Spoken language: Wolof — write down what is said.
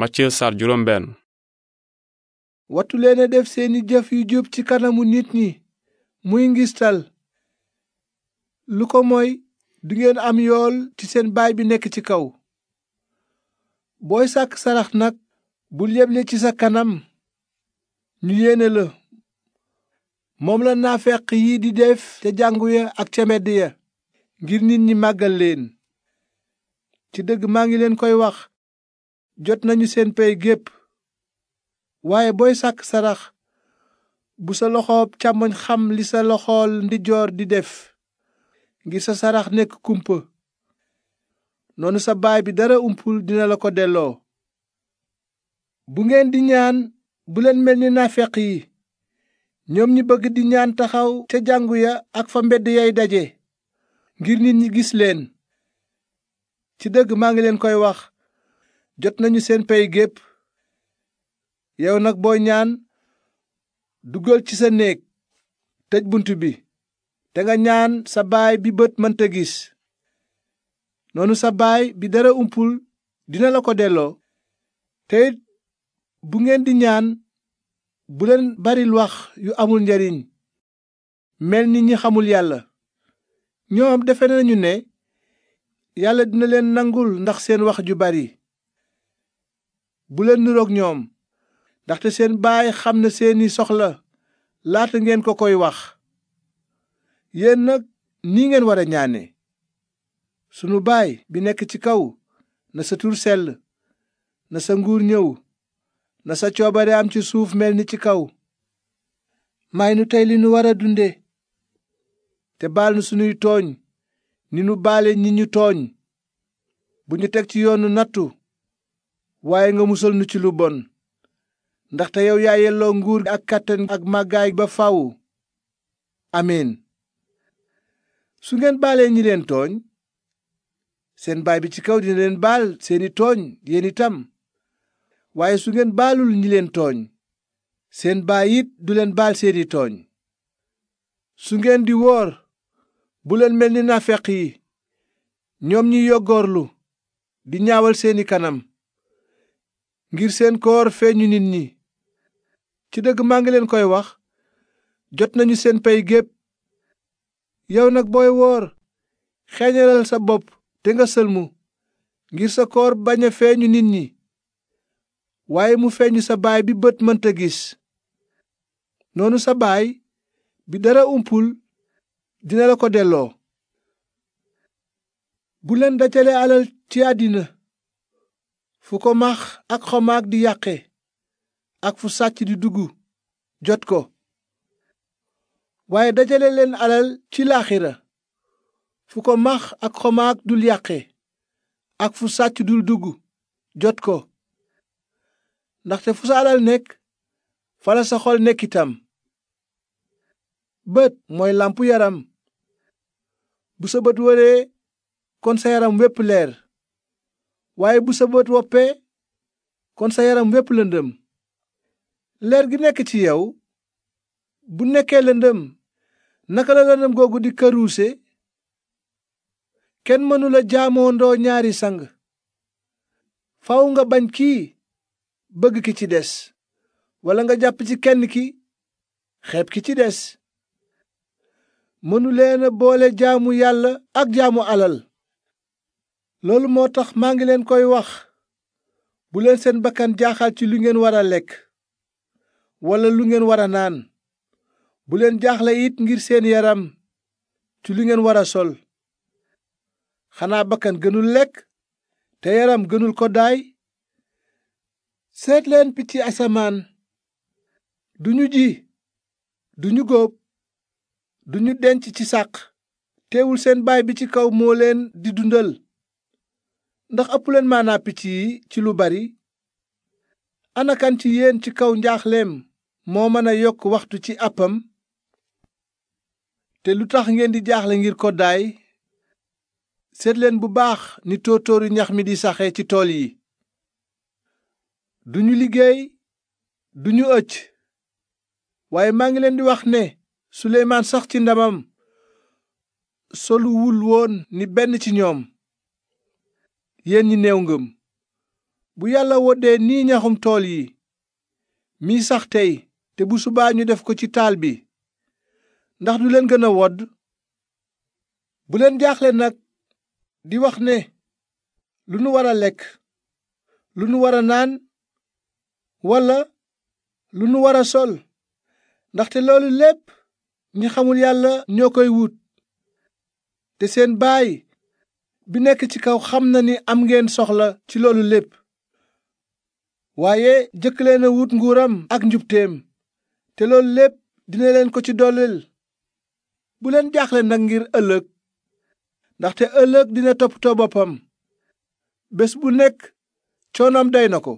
Matthieu saar juróom leen def seeni jëf yu jub ci kanamu nit ñi muy ngistal lu ko mooy du ngeen am yool ci seen baay bi nekk ci kaw booy sàkk sarax nag bul yeble ci sa kanam ñu yéene la moom la naafeq yi di def ca jàngu ya ak ca medd ya ngir nit ñi màggal leen ci dëgg maa ngi leen koy wax jot nañu seen pey gépp waaye booy sàkk sarax bu sa loxoob càmmoñ xam li sa loxool ndijoor di def ngir sa sarax nekk kumpa noonu sa baay bi dara umpul dina la ko delloo bu ngeen di ñaan bu leen mel ni naafeq yi ñoom ñi bëgg di ñaan taxaw ca jàngu ya ak fa mbedd yay daje ngir nit ñi gis leen ci dëgg maa ngi leen koy wax jot nañu seen pey gépp yow nag boo ñaan duggal ci sa néeg tëj bunt bi te nga ñaan sa baay bi bët mënta gis noonu sa baay bi dara umpul dina la ko delloo te bu ngeen di ñaan bu leen baril wax yu amul njariñ mel ni ñi xamul yàlla ñoom defe nañu ne yàlla dina leen nangul ndax seen wax ju bari buleen leen niroog ñoom ndaxte seen baay xam na seeni soxla laata ngeen ko koy wax yéen nag nii ngeen war a ñaane sunu baay bi nekk ci kaw na sa tur na sa nguur ñëw na sa coobare am ci suuf mel ni ci kaw may nu tey li nu war dunde te baal nu sunuy tooñ ni nu baale ñi ñu tooñ bu ñu teg ci yoonu nattu waaye nga musal nu ci lu bon ndaxte yow yaa yelloo nguur ak kàttan ak màggaay ba faw amiin su ngeen baalee ñi leen tooñ seen baay bi ci kaw dina leen baal seeni tooñ yéen itam waaye su ngeen baalul ñi leen tooñ seen baay it du leen baal seeni tooñ su ngeen di woor bu leen mel ni nafeq yi ñoom ñi yoggoorlu di ñaawal seeni kanam ngir seen koor feeñu nit ñi ci dëgg maa ngi leen koy wax jot nañu seen pay gépp yow nag booy woor xeeñalal sa bopp te nga sëlmu ngir sa koor bañ a feeñu nit ñi waaye mu feeñu sa baay bi bët mënta gis noonu sa baay bi dara umpul dina la ko delloo bu leen dajale alal ci àddina fu ko max ak xomaak di yàqe ak fu sàcc di dugg jot ko waaye dajale leen alal ci laaxira fu ko max ak xomaag dul yàqe ak fu sàcc dul dugg jot ko ndaxte fu sa alal nekk fala sa xol nekk itam bët mooy làmpu yaram bu sa bët wëree kon sa yaram wépp leer waaye bu sa bët woppee kon sa yaram wépp lëndëm leer gi nekk ci yow bu nekkee lëndëm naka la lëndëm googu di këruuse kenn mënula ndoo ñaari sang faw nga bañ kii bëgg ki ci des walla nga jàpp ci kenn ki xeeb ki ci des mënuleena boole jaamu yàlla ak jaamu alal loolu moo tax maa ngi leen koy wax bu leen seen bakkan jaaxal ci lu ngeen war a lekk walla lu ngeen war a naan bu leen jaaxle it ngir seen yaram ci lu ngeen war a sol xanaa bakkan gënul lekk te yaram gënul ko daay seet leen picc asamaan duñu ji duñu góob duñu denc ci sàq teewul seen baay bi ci kaw moo leen di dundal ndax ëpp leen maanaa picc yi ci lu bari anakan ci yéen ci kaw njaaxleem moo mën a yokk waxtu ci àppam te lu tax ngeen di jaaxle ngir koddaay seetleen bu baax ni tóortóoru ñax mi di saxe ci tool yi duñu liggéey duñu ëcc waaye maa ngi leen di wax ne suleymaan sax ci ndamam soluwul woon ni benn ci ñoom yéen ñi néew ngëm bu yàlla woddee nii ñaxum tool yi mi sax tey te bu subaa ñu def ko ci taal bi ndax du leen gën a wodd bu leen jaaxle nag di wax ne lu nu war a lekk lu nu war a naan walla lu nu war a sol ndaxte loolu lépp ñi xamul yàlla ñoo koy wut te seen baay bi nekk ci kaw xam na ni am ngeen soxla ci loolu lépp waaye jëkk leen a wut nguuram ak njubteem te loolu lépp dina leen ko ci dollil bu leen jaaxle nag ngir ëllëg ndaxte ëllëg dina toppatoo boppam bés bu nekk coonoom day na ko